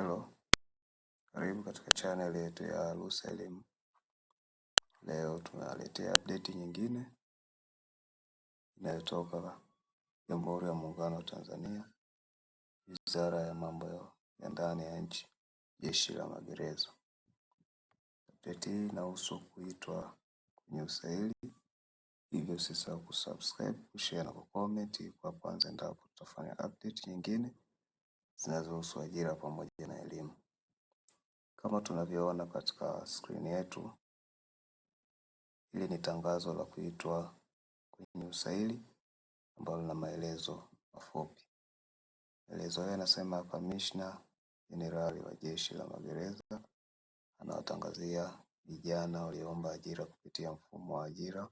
Hello, karibu katika channel yetu ya Lusa Elimu. Leo tunaletea update nyingine inayotoka Jamhuri ya Muungano wa Tanzania, Wizara ya Mambo ya Ndani ya Nchi, Jeshi la Magereza. Update hii inahusu kuitwa kwenye usaili, hivyo usisahau kusubscribe, kushare na kucomment kwa kwanza endapo tutafanya update nyingine zinazohusu ajira pamoja na elimu. Kama tunavyoona katika skrini yetu, hili ni tangazo la kuitwa kwenye usaili ambalo lina maelezo mafupi. Maelezo hayo yanasema kamishna jenerali wa jeshi la magereza anawatangazia vijana walioomba ajira kupitia mfumo wa ajira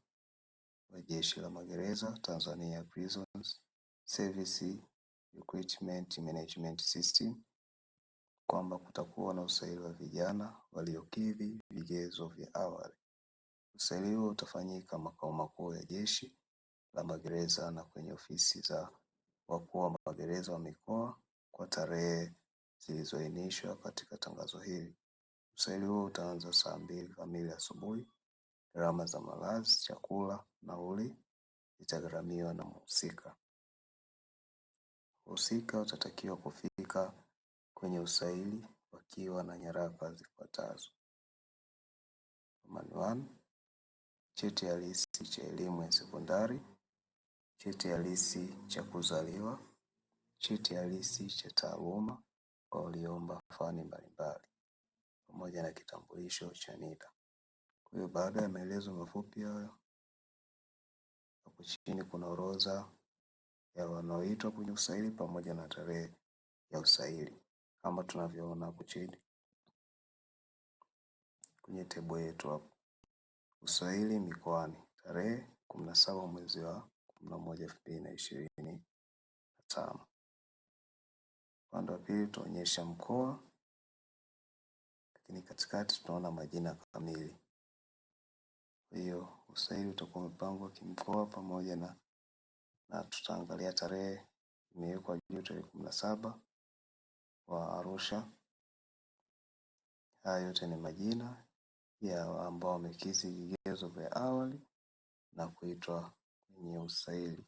wa jeshi la magereza Tanzania Prisons Service recruitment management system kwamba kutakuwa na usaili wa vijana waliokidhi vigezo vya awali. Usaili huo utafanyika makao makuu ya jeshi la magereza na kwenye ofisi za wakuu wa magereza wa mikoa kwa tarehe zilizoainishwa katika tangazo hili. Usaili huo utaanza saa mbili kamili asubuhi. Gharama za malazi, chakula, nauli itagharamiwa na mhusika. Wahusika watatakiwa kufika kwenye usaili wakiwa na nyaraka zifuatazo: cheti halisi cha elimu ya sekondari, cheti halisi cha kuzaliwa, cheti halisi cha taaluma kwa waliomba fani mbalimbali, pamoja na kitambulisho cha NIDA. Kwa hiyo baada ya maelezo mafupi hayo, hapo chini kuna orodha ya wanaoitwa kwenye usaili pamoja na tarehe ya usaili kama tunavyoona hapo chini kwenye tebo yetu hapo. Usaili mikoani tarehe kumi na saba mwezi wa kumi na moja elfu mbili na ishirini na tano. Upande wa pili tuonyesha mkoa, lakini katikati tunaona majina kamili. Kwa hiyo usaili utakuwa umepangwa kimkoa pamoja na na tutaangalia tarehe imewekwa juu, tarehe kumi na saba wa Arusha. Haya yote ni majina ya ambao wamekidhi vigezo vya awali na kuitwa kwenye usaili.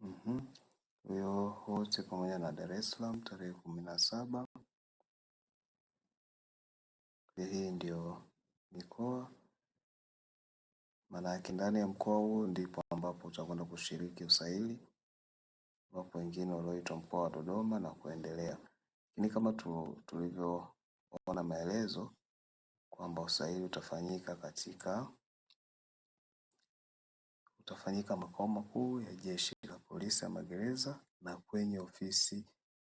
Mhm. Hiyo wote pamoja na Dar es Salaam tarehe kumi na saba. Hii ndio mikoa, maanake ndani ya mkoa huu ndipo ambapo utakwenda kushiriki usaili, ambapo wengine walioitwa mkoa wa Dodoma na kuendelea. Lakini kama tulivyoona maelezo kwamba usaili utafanyika katika utafanyika makao makuu ya Jeshi la Polisi ya Magereza na kwenye ofisi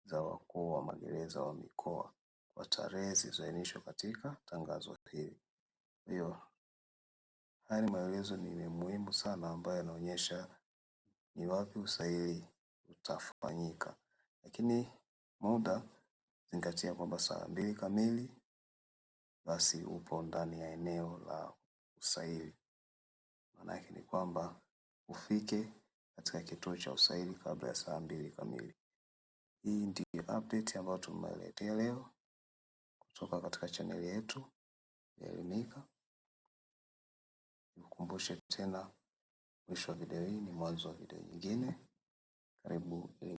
za wakuu wa magereza wa mikoa kwa tarehe zilizoainishwa katika tangazo hili. hiyo haya ni maelezo ni muhimu sana ambayo yanaonyesha ni wapi usaili utafanyika, lakini muda zingatia kwamba saa mbili kamili basi upo ndani ya eneo la usaili. Maana yake ni kwamba ufike katika kituo cha usaili kabla ya saa mbili kamili. Hii ndiyo update ambayo tumewaletea leo kutoka katika chaneli yetu ya Elimika. Nikukumbushe tena, mwisho wa video hii ni mwanzo wa video nyingine. Karibu Elimika.